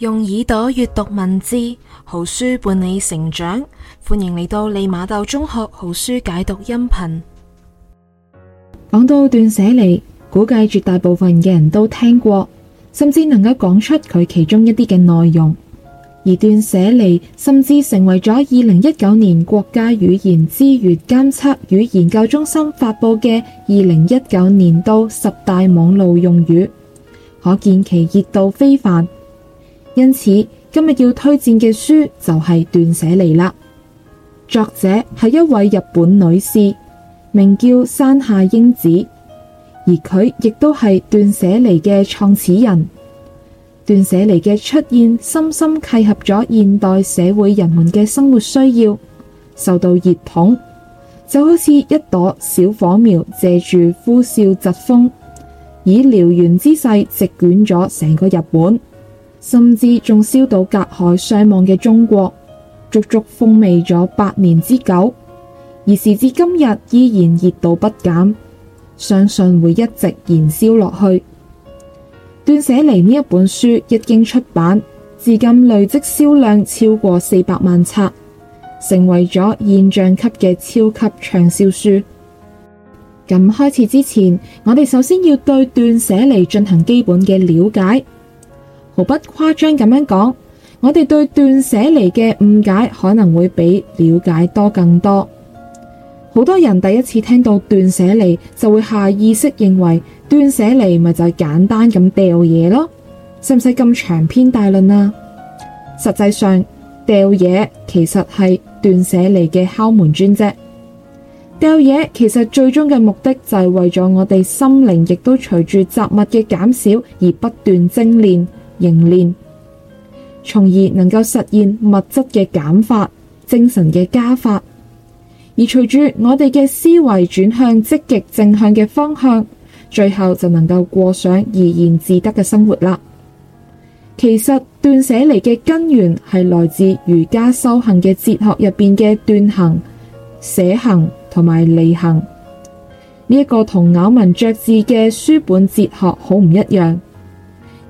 用耳朵閱讀文字，好書伴你成長。歡迎嚟到利馬竇中學好書解讀音頻。講到斷捨離，估計絕大部分嘅人都聽過，甚至能夠講出佢其中一啲嘅內容。而斷捨離甚至成為咗二零一九年國家語言資源監測與研究中心發佈嘅二零一九年度十大網絡用語，可見其熱度非凡。因此今日要推薦嘅書就係斷捨離啦。作者係一位日本女士，名叫山下英子，而佢亦都係斷捨離嘅創始人。斷捨離嘅出現深深契合咗現代社會人們嘅生活需要，受到熱捧，就好似一朵小火苗，借住呼嘯疾風，以燎原之勢席捲咗成個日本。甚至仲燒到隔海相望嘅中國，足足風靡咗八年之久，而時至今日依然熱度不減，相信會一直延燒落去。斷捨離呢一本書一經出版，至今累積銷量超過四百萬冊，成為咗現象級嘅超級暢銷書。咁開始之前，我哋首先要對斷捨離進行基本嘅了解。毫不誇張咁樣講，我哋對斷捨離嘅誤解可能會比了解多更多。好多人第一次聽到斷捨離就會下意識認為斷捨離咪就係簡單咁掉嘢咯，使唔使咁長篇大論啊？實際上，掉嘢其實係斷捨離嘅敲門磚啫。掉嘢其實最終嘅目的就係為咗我哋心靈亦都隨住雜物嘅減少而不斷精煉，凝練，從而能夠實現物質嘅減法、精神嘅加法。而隨住我哋嘅思維轉向積極正向嘅方向，最後就能夠過上怡然自得嘅生活啦。其實斷捨離嘅根源係來自瑜伽修行嘅哲學入邊嘅斷行、捨行同埋離行呢一，這個同咬文嚼字嘅書本哲學好唔一樣。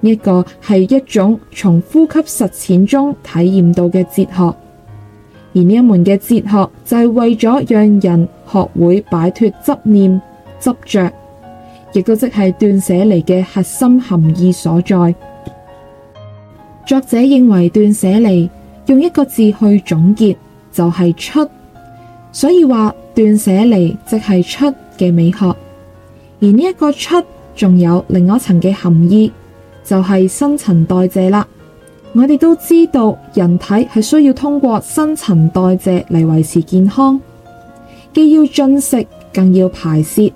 呢個係一種從呼吸實踐中體驗到嘅哲學，而呢一門嘅哲學就係為咗讓人學會擺脫執念、執着，亦都即係斷捨離嘅核心含義所在。作者認為斷捨離用一個字去總結就係出，所以話斷捨離即係出嘅美學。而呢一個出仲有另一層嘅含義。就係新陳代謝啦。我哋都知道，人體係需要通過新陳代謝嚟維持健康，既要進食，更要排泄。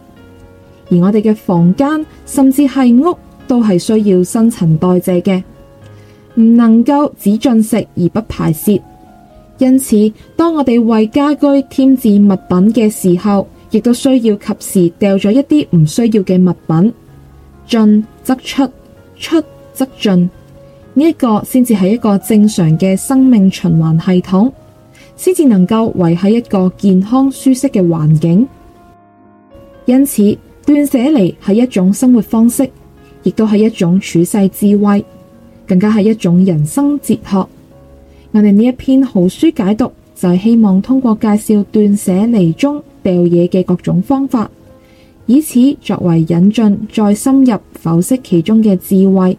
而我哋嘅房間，甚至係屋都係需要新陳代謝嘅，唔能夠只進食而不排泄。因此，當我哋為家居添置物品嘅時候，亦都需要及時掉咗一啲唔需要嘅物品，進則出。出則進呢一個先至係一個正常嘅生命循環系統，先至能夠維繫一個健康舒適嘅環境。因此，斷捨離係一種生活方式，亦都係一種處世智慧，更加係一種人生哲學。我哋呢一篇好書解讀就係希望通過介紹斷捨離中掉嘢嘅各種方法。以此作為引進，再深入剖析其中嘅智慧，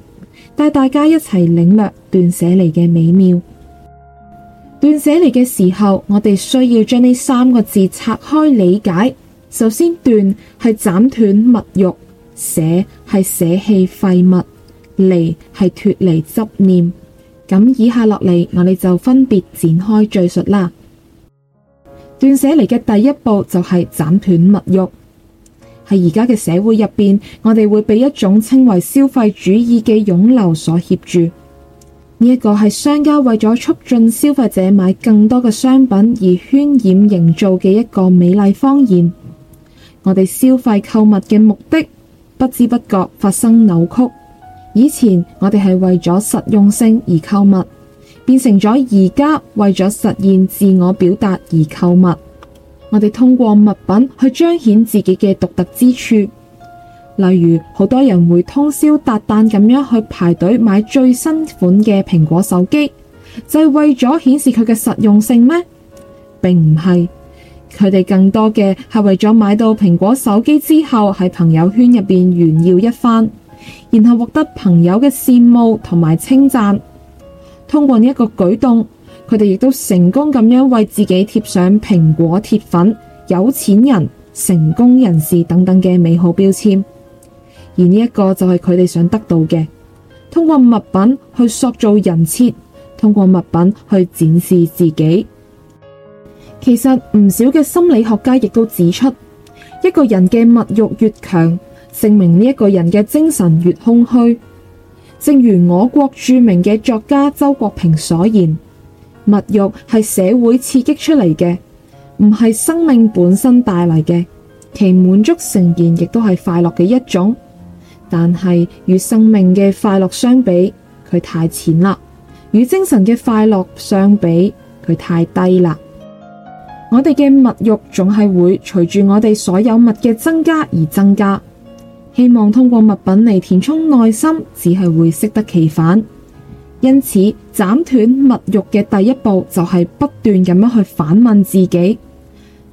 帶大家一齊領略斷捨離嘅美妙。斷捨離嘅時候，我哋需要將呢三個字拆開理解。首先，斷係斬斷物慾，捨係捨棄廢物，離係脫離執念。咁以下落嚟，我哋就分別展開敘述啦。斷捨離嘅第一步就係斬斷物慾。喺而家嘅社會入邊，我哋會被一種稱為消費主義嘅湧流所挾住。呢一個係商家為咗促進消費者買更多嘅商品而渲染營造嘅一個美麗謊言。我哋消費購物嘅目的不知不覺發生扭曲。以前我哋係為咗實用性而購物，變成咗而家為咗實現自我表達而購物。我哋通過物品去彰顯自己嘅獨特之處，例如好多人會通宵達旦咁樣去排隊買最新款嘅蘋果手機，就係為咗顯示佢嘅實用性咩？並唔係，佢哋更多嘅係為咗買到蘋果手機之後，喺朋友圈入邊炫耀一番，然後獲得朋友嘅羨慕同埋稱讚。通過呢一個舉動。佢哋亦都成功咁樣為自己貼上蘋果鐵粉、有錢人、成功人士等等嘅美好標籤，而呢一個就係佢哋想得到嘅。通過物品去塑造人設，通過物品去展示自己。其實唔少嘅心理學家亦都指出，一個人嘅物慾越強，證明呢一個人嘅精神越空虛。正如我國著名嘅作家周國平所言。物慾係社會刺激出嚟嘅，唔係生命本身帶嚟嘅，其滿足誠然亦都係快樂嘅一種，但係與生命嘅快樂相比，佢太淺啦；與精神嘅快樂相比，佢太低啦。我哋嘅物慾總係會隨住我哋所有物嘅增加而增加，希望通過物品嚟填充內心，只係會適得其反。因此，斬斷物欲嘅第一步就係不斷咁樣去反問自己，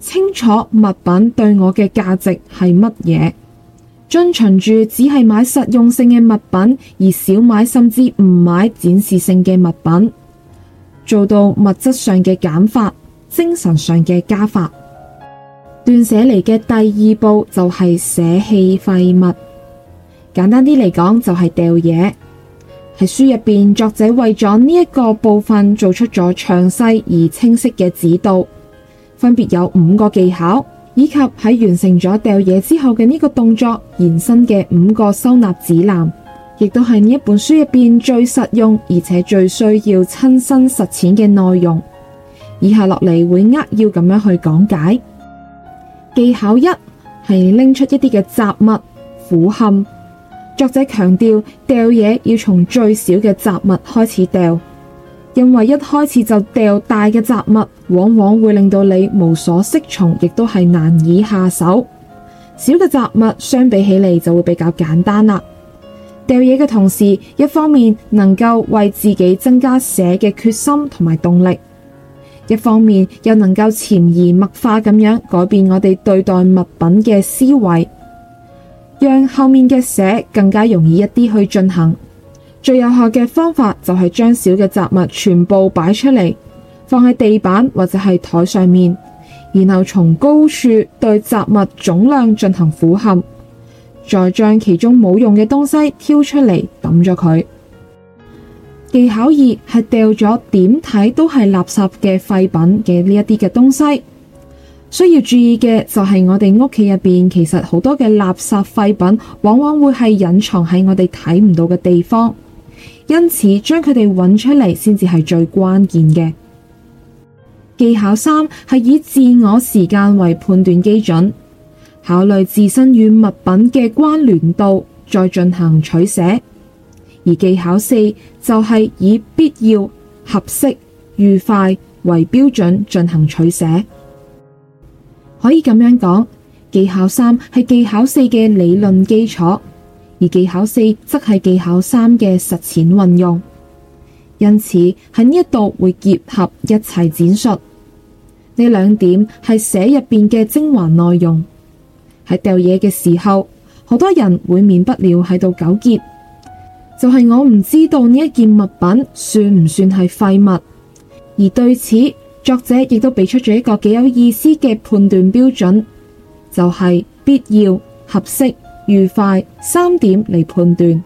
清楚物品對我嘅價值係乜嘢，遵循住只係買實用性嘅物品，而少買，甚至唔買展示性嘅物品，做到物質上嘅減法，精神上嘅加法。斷捨離嘅第二步就係捨棄廢物，簡單啲嚟講就係掉嘢。喺書入邊，作者為咗呢一個部分做出咗詳細而清晰嘅指導，分別有五個技巧，以及喺完成咗掉嘢之後嘅呢個動作延伸嘅五個收納指南，亦都係呢一本書入邊最實用而且最需要親身實踐嘅內容。以下落嚟會扼要咁樣去講解。技巧一，係拎出一啲嘅雜物，俯瞰。作者強調，掉嘢要從最小嘅雜物開始掉，因為一開始就掉大嘅雜物，往往會令到你無所適從，亦都係難以下手。小嘅雜物相比起嚟就會比較簡單啦。掉嘢嘅同時，一方面能夠為自己增加捨嘅決心同埋動力，一方面又能夠潛移默化咁樣改變我哋對待物品嘅思維。讓後面嘅捨更加容易一啲去進行。最有效嘅方法就係將少嘅雜物全部擺出嚟，放喺地板或者係台上面，然後從高處對雜物總量進行俯瞰，再將其中冇用嘅東西挑出嚟抌咗佢。技巧二係掉咗點睇都係垃圾嘅廢品嘅呢一啲嘅東西。需要注意嘅就係我哋屋企入邊，其實好多嘅垃圾廢品，往往會係隱藏喺我哋睇唔到嘅地方，因此將佢哋揾出嚟先至係最關鍵嘅。技巧三係以自我時間為判斷基準，考慮自身與物品嘅關聯度，再進行取捨；而技巧四就係以必要、合適、愉快為標準進行取捨。可以咁樣講，技巧三係技巧四嘅理論基礎，而技巧四則係技巧三嘅實踐運用。因此喺呢一度會結合一齊展述。呢兩點係書入邊嘅精華內容。喺掉嘢嘅時候，好多人會免不了喺度糾結，就係、是、我唔知道呢一件物品算唔算係廢物，而對此。作者亦都畀出咗一個幾有意思嘅判斷標準，就係必要、合適、愉快三點嚟判斷。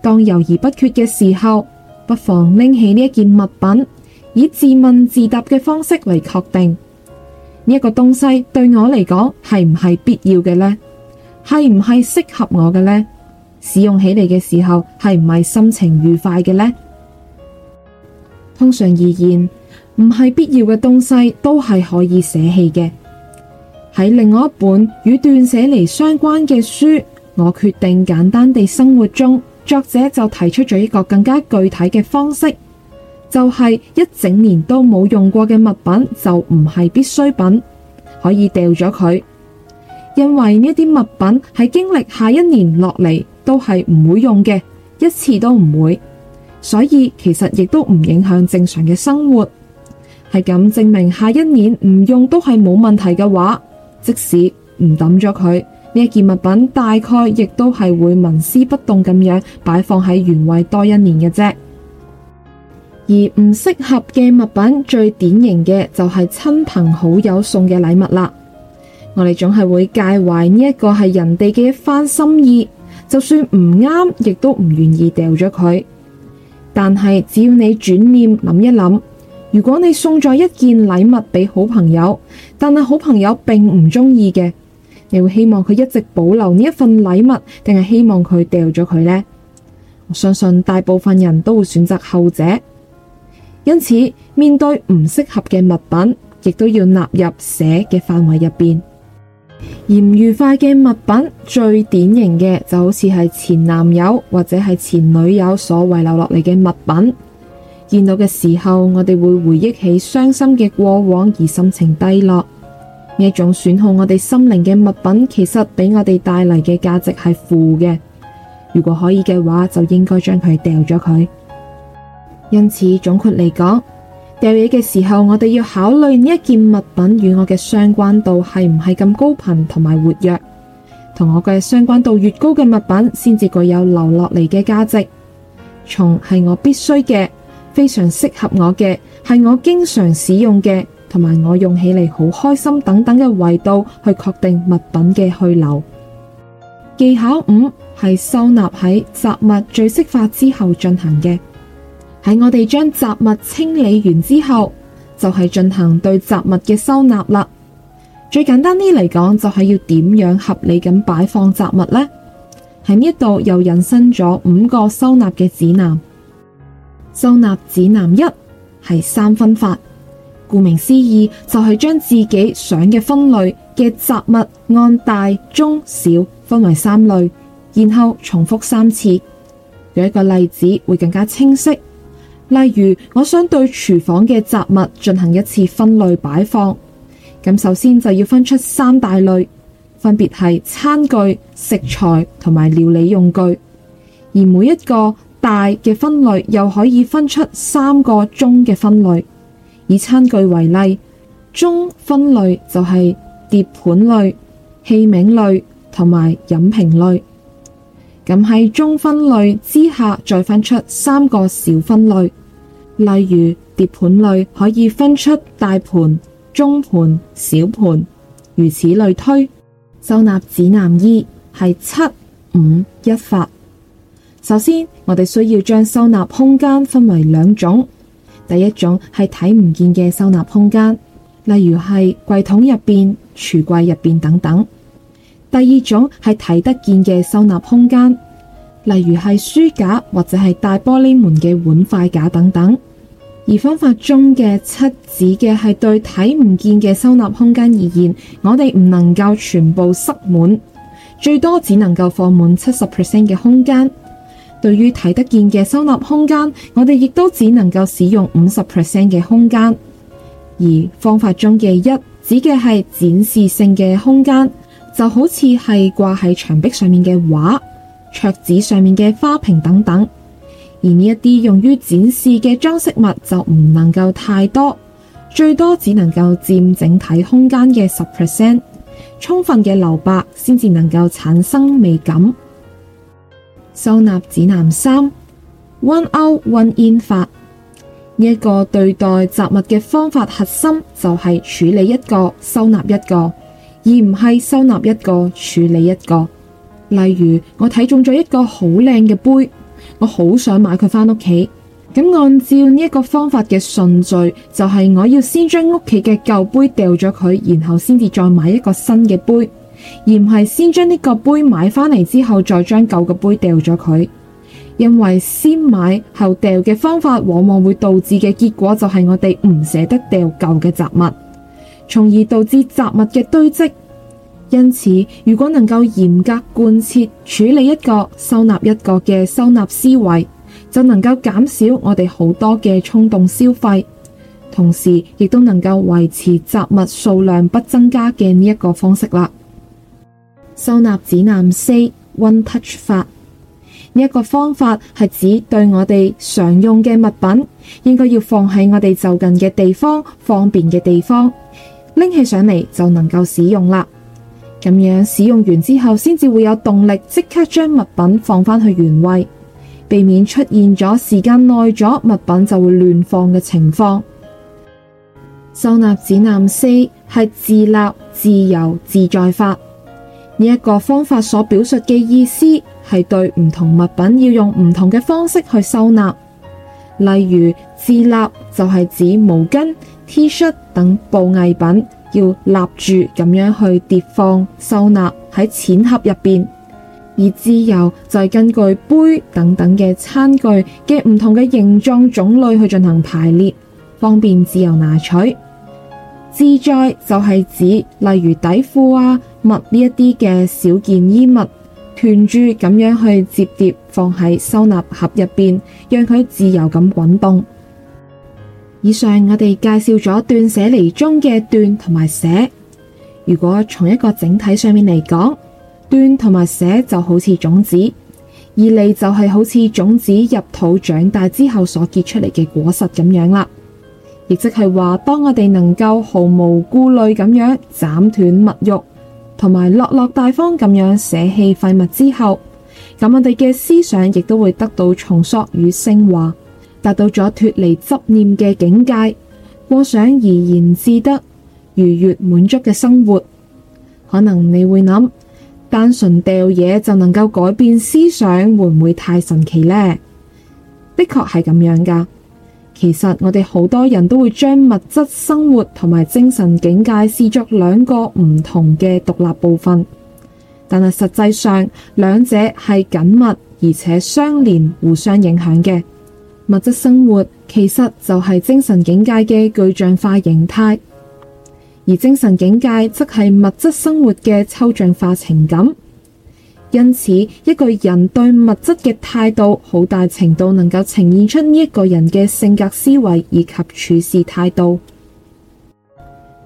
當猶豫不決嘅時候，不妨拎起呢一件物品，以自問自答嘅方式嚟確定呢一個東西對我嚟講係唔係必要嘅呢？係唔係適合我嘅呢？使用起嚟嘅時候係唔係心情愉快嘅呢？通常而言。唔係必要嘅東西都係可以捨棄嘅。喺另外一本與斷捨離相關嘅書，我決定簡單地生活中，作者就提出咗一個更加具體嘅方式，就係一整年都冇用過嘅物品就唔係必需品，可以掉咗佢。因為呢啲物品係經歷下一年落嚟，都係唔會用嘅，一次都唔會，所以其實亦都唔影響正常嘅生活。係咁證明，下一年唔用都係冇問題嘅話，即使唔抌咗佢呢一件物品，大概亦都係會紋絲不動咁樣擺放喺原位多一年嘅啫。而唔適合嘅物品，最典型嘅就係親朋好友送嘅禮物啦。我哋總係會介懷呢一個係人哋嘅一番心意，就算唔啱，亦都唔願意掉咗佢。但係只要你轉念諗一諗。如果你送咗一件禮物俾好朋友，但係好朋友並唔鍾意嘅，你會希望佢一直保留呢一份禮物，定係希望佢掉咗佢呢？我相信大部分人都會選擇後者。因此，面對唔適合嘅物品，亦都要納入捨嘅範圍入邊。唔愉快嘅物品，最典型嘅就好似係前男友或者係前女友所遺留落嚟嘅物品。見到嘅時候，我哋會回憶起傷心嘅過往，而心情低落。呢一種損耗我哋心靈嘅物品，其實俾我哋帶嚟嘅價值係負嘅。如果可以嘅話，就應該將佢掉咗佢。因此，總括嚟講，掉嘢嘅時候，我哋要考慮呢一件物品與我嘅相關度係唔係咁高頻同埋活躍。同我嘅相關度越高嘅物品，先至具有留落嚟嘅價值。從係我必須嘅。非常適合我嘅、係我經常使用嘅，同埋我用起嚟好開心等等嘅維度去確定物品嘅去留。技巧五係收納喺雜物最適化之後進行嘅，喺我哋將雜物清理完之後，就係進行對雜物嘅收納啦。最簡單啲嚟講，就係要點樣合理咁擺放雜物呢？喺呢度又引申咗五個收納嘅指南。收納指南一係三分法，顧名思義就係將自己想嘅分類嘅雜物按大中小分為三類，然後重複三次。有一個例子會更加清晰。例如，我想對廚房嘅雜物進行一次分類擺放，咁首先就要分出三大類，分別係餐具、食材同埋料理用具，而每一個。大嘅分類又可以分出三個中嘅分類，以餐具為例，中分類就係碟盤類、器皿類同埋飲品類。咁喺中分類之下再分出三個小分類，例如碟盤類可以分出大盤、中盤、小盤，如此類推。收納指南二係七五一法。首先，我哋需要將收納空間分為兩種。第一種係睇唔見嘅收納空間，例如係櫃桶入邊、櫥櫃入邊等等；第二種係睇得見嘅收納空間，例如係書架或者係大玻璃門嘅碗筷架等等。而方法中嘅七指嘅係對睇唔見嘅收納空間而言，我哋唔能夠全部塞滿，最多只能夠放滿七十 percent 嘅空間。對於睇得見嘅收納空間，我哋亦都只能夠使用五十 percent 嘅空間。而方法中嘅一指嘅係展示性嘅空間，就好似係掛喺牆壁上面嘅畫、桌子上面嘅花瓶等等。而呢一啲用於展示嘅裝飾物就唔能夠太多，最多只能夠佔整體空間嘅十 percent。充分嘅留白先至能夠產生美感。收納指南三：one out one in 法。呢一個對待雜物嘅方法，核心就係處理一個收納一個，而唔係收納一個處理一個。例如，我睇中咗一個好靚嘅杯，我好想買佢返屋企。咁按照呢一個方法嘅順序，就係我要先將屋企嘅舊杯掉咗佢，然後先至再買一個新嘅杯。而唔係先將呢個杯買返嚟之後，再將舊嘅杯掉咗佢。因為先買後掉嘅方法，往往會導致嘅結果就係我哋唔捨得掉舊嘅雜物，從而導致雜物嘅堆積。因此，如果能夠嚴格貫徹處理一個收納一個嘅收納思維，就能夠減少我哋好多嘅衝動消費，同時亦都能夠維持雜物數量不增加嘅呢一個方式啦。收納指南四 One Touch 法，呢一個方法係指對我哋常用嘅物品，應該要放喺我哋就近嘅地方，方便嘅地方拎起上嚟，就能夠使用啦。咁樣使用完之後，先至會有動力即刻將物品放返去原位，避免出現咗時間耐咗物品就會亂放嘅情況。收納指南四係自立自由自在法。呢一個方法所表述嘅意思係對唔同物品要用唔同嘅方式去收納，例如自立就係指毛巾、T 恤等布藝品要立住咁樣去疊放收納喺淺盒入面；而自由就係根據杯等等嘅餐具嘅唔同嘅形狀種類去進行排列，方便自由拿取。自在就係指例如底褲啊。物呢一啲嘅小件衣物，團住咁樣去折疊放喺收納盒入邊，讓佢自由咁滾動。以上我哋介紹咗斷捨離中嘅斷同埋捨。如果從一個整體上面嚟講，斷同埋捨就好似種子，而離就係好似種子入土長大之後所結出嚟嘅果實咁樣啦。亦即係話，當我哋能夠毫無顧慮咁樣斬斷物慾。同埋落落大方咁樣捨棄廢物之後，咁我哋嘅思想亦都會得到重塑與升華，達到咗脫離執念嘅境界，過上怡然自得、愉悅滿足嘅生活。可能你會諗，單純掉嘢就能夠改變思想，會唔會太神奇呢？的確係咁樣噶。其實我哋好多人都會將物質生活同埋精神境界視作兩個唔同嘅獨立部分，但係實際上兩者係緊密而且相連、互相影響嘅。物質生活其實就係精神境界嘅具象化形態，而精神境界則係物質生活嘅抽象化情感。因此，一個人對物質嘅態度，好大程度能夠呈現出呢一個人嘅性格、思維以及處事態度。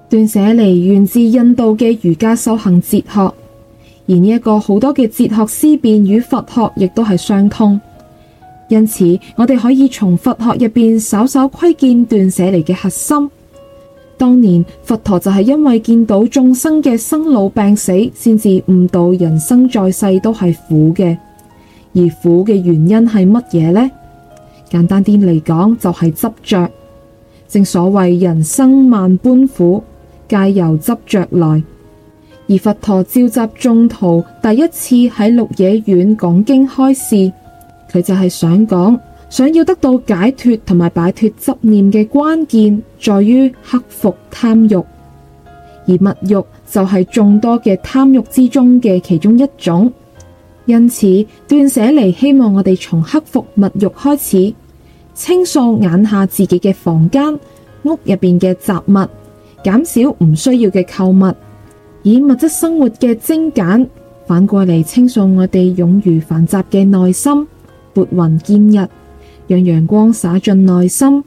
斷捨離源自印度嘅瑜伽修行哲學，而呢一個好多嘅哲學思辨與佛學亦都係相通。因此，我哋可以從佛學入邊稍稍窺見斷捨離嘅核心。當年佛陀就係因為見到眾生嘅生老病死，先至悟到人生在世都係苦嘅，而苦嘅原因係乜嘢呢？簡單啲嚟講就係、是、執着。正所謂人生萬般苦，皆由執着來。而佛陀召集眾徒第一次喺鹿野苑講經開示，佢就係想講。想要得到解脫同埋擺脫執念嘅關鍵，在於克服貪慾，而物慾就係眾多嘅貪慾之中嘅其中一種。因此，斷捨離希望我哋從克服物慾開始，清掃眼下自己嘅房間屋入邊嘅雜物，減少唔需要嘅購物，以物質生活嘅精簡，反過嚟清掃我哋冗餘繁雜嘅內心，撥雲見日。讓陽光灑進內心，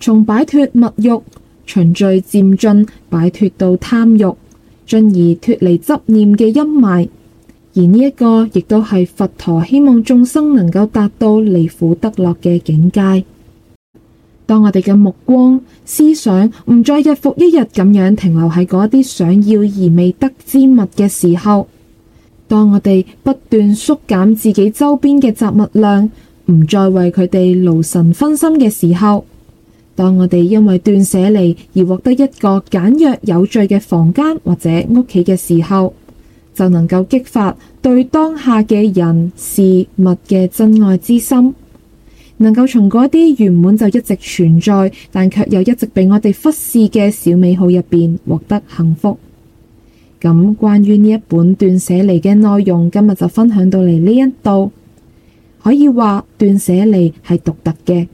從擺脫物欲，循序漸進擺脫到貪欲，進而脫離執念嘅陰霾。而呢一個亦都係佛陀希望眾生能夠達到離苦得樂嘅境界。當我哋嘅目光、思想唔再日復一日咁樣停留喺嗰啲想要而未得之物嘅時候，當我哋不斷縮減自己周邊嘅雜物量，唔再為佢哋勞神分心嘅時候，當我哋因為斷捨離而獲得一個簡約有序嘅房間或者屋企嘅時候，就能夠激發對當下嘅人事物嘅珍愛之心，能夠從嗰啲原本就一直存在，但卻又一直被我哋忽視嘅小美好入邊獲得幸福。咁關於呢一本斷捨離嘅內容，今日就分享到嚟呢一度。可以話斷捨離係獨特嘅，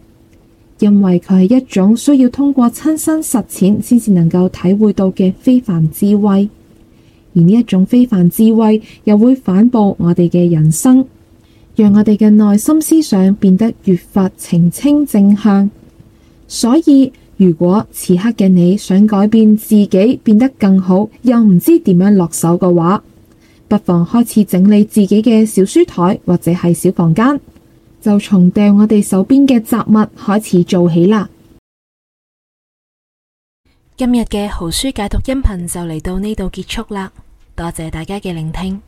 因為佢係一種需要通過親身實踐，先至能夠體會到嘅非凡智慧。而呢一種非凡智慧又會反哺我哋嘅人生，讓我哋嘅內心思想變得越發澄清正向。所以，如果此刻嘅你想改變自己變得更好，又唔知點樣落手嘅話，不妨開始整理自己嘅小書台或者係小房間，就從掟我哋手邊嘅雜物開始做起啦，今日嘅好書解讀音頻就嚟到呢度結束啦，多謝大家嘅聆聽。